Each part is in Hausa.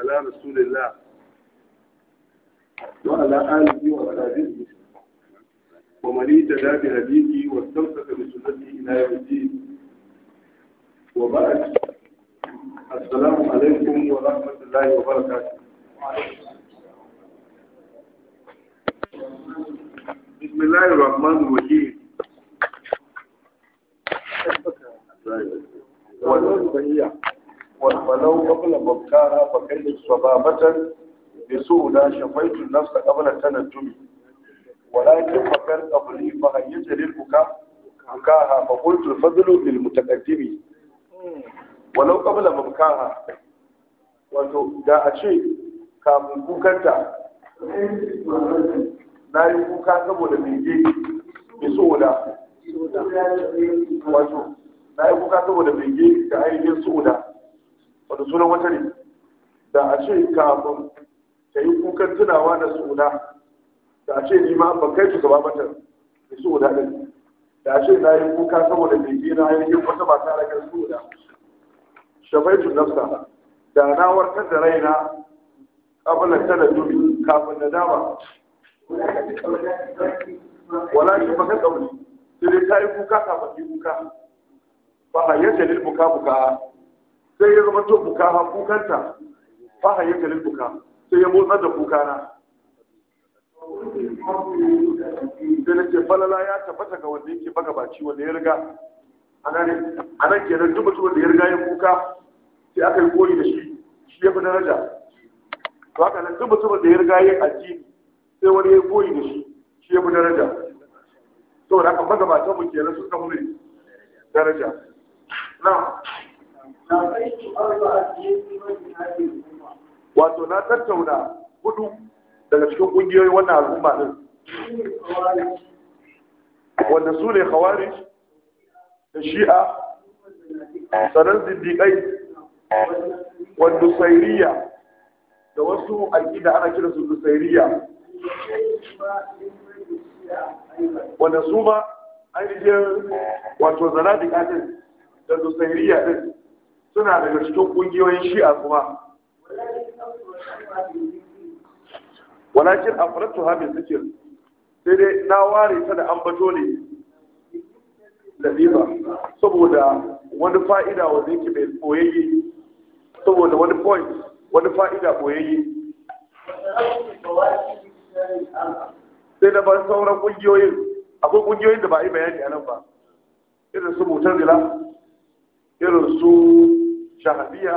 على رسول الله وعلى آله وأصحابه ومن اهتدى بهديه واستمسك بسنته إلى يوم الدين وبعد السلام عليكم ورحمة الله وبركاته بسم الله الرحمن الرحيم falau qabla babkara fa kai sababatan bi su'uda shafaitu nafsa qabla tanajjumi walakin fakar qabli fa hayyata lil buka bukaha fa qultu al-fadlu lil mutaqaddimi walau qabla babkara wato da a ce kafin kukanta na yi kuka saboda bege mai soda wato na yi kuka saboda bege da ainihin soda wata sunan wata ne da a ce kafin ta yi kukan tunawa da suna da a ce ni ma ba kai su gaba mata da suna ne da a ce na yi kuka saboda bege na yi wata ba ta ragar suna tun nafsa da na warkar da raina kabilan ta da dubi kafin da dama wala shi baka kauli sai dai ta yi kuka kafin yi kuka ba a yadda lil buka buka sai ya zama to buka ha kukanta fa ha yake lin buka sai ya motsa da kuka na sai na ce falala ya tabbata ga wanda yake baka baci wanda ya riga a nan ke nan mutum da ya riga ya kuka sai aka yi koyi da shi shi ya fi daraja to haka nan duk wanda da ya riga ya aji sai wani ya koyi da shi shi ya fi daraja saboda haka magabatan mu kenan sun kafa daraja na wato na tattauna hudu daga cikin kungiyoyi wannan al'umma din wanda su ne khawarij da shi'a sanar zindiƙai wanda sairiya da wasu da ana kira su sairiya wanda su ma ainihin wato zanadika din da sairiya din suna daga cikin ƙungiyoyin shi'a kuma walakin afratu ha min zikir sai dai na ware ta da ambato ne lalifa saboda wani fa'ida wa yake mai boyayye saboda wani point wani fa'ida boyayye sai da ba sauran kungiyoyin akwai kungiyoyin da ba a yi bayani a nan ba irin su mutar irin su shahabiya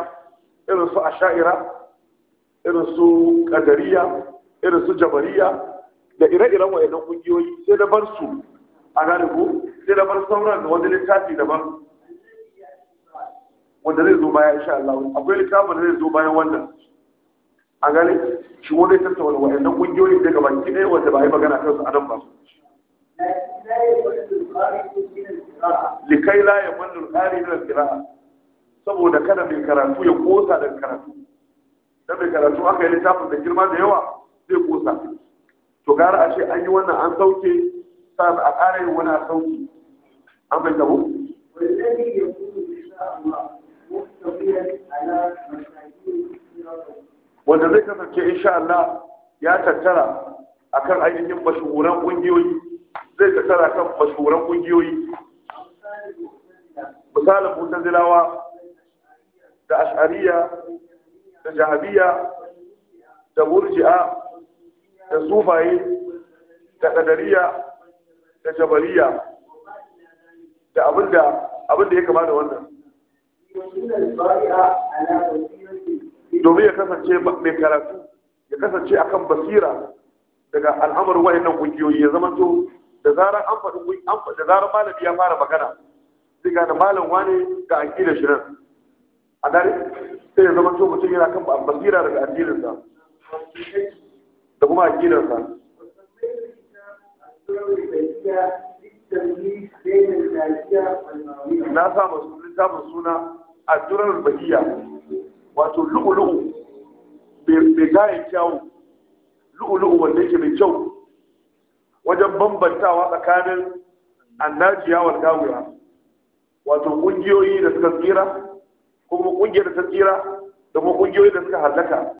irin su asha'ira irin su kadariya irin su jabariya da ire-iren wayannan kungiyoyi sai da bar su a galibu sai da bar sauran da wani littafi daban wanda zai zo baya insha Allah akwai littafin da zai zo bayan wannan a gane shi wani da wayannan kungiyoyi daga baki ɗaya wanda ba a yi magana kansu a nan ba likai la ya mannu al-qari min saboda kada mai karatu ya kosa da karatu da mai karatu aka yi littafin da girma da yawa zai kosa to gara a ce an yi wannan an sauke sa a kara yin wani a sauke an bai tabo wanda zai kasance in sha Allah ya tattara akan ainihin mashuran ƙungiyoyi zai tattara kan mashuran ƙungiyoyi misalin zilawa da ash'ariya da jahabiya da murji'a da sufaye da kadariya da jabariya da abinda abinda ya kama da wannan domin ya kasance mai karatu ya kasance akan basira daga al'amarin wayannan kungiyoyi ya zama to da zarar an faɗi da zarar malami ya fara magana sai ga da malam wane ga aqidar shi nan a gare sai ya zama to mutum yana kan basira daga addininsa da kuma addininsa na sa masu littafin suna a turar bahiya wato lu'ulu'u bai gaya kyawu lu'ulu'u wanda yake mai kyau wajen bambantawa tsakanin annajiya wal wato ƙungiyoyi da suka tsira ko kuma kungiyar da ta tsira da kuma kungiyoyi da suka hallaka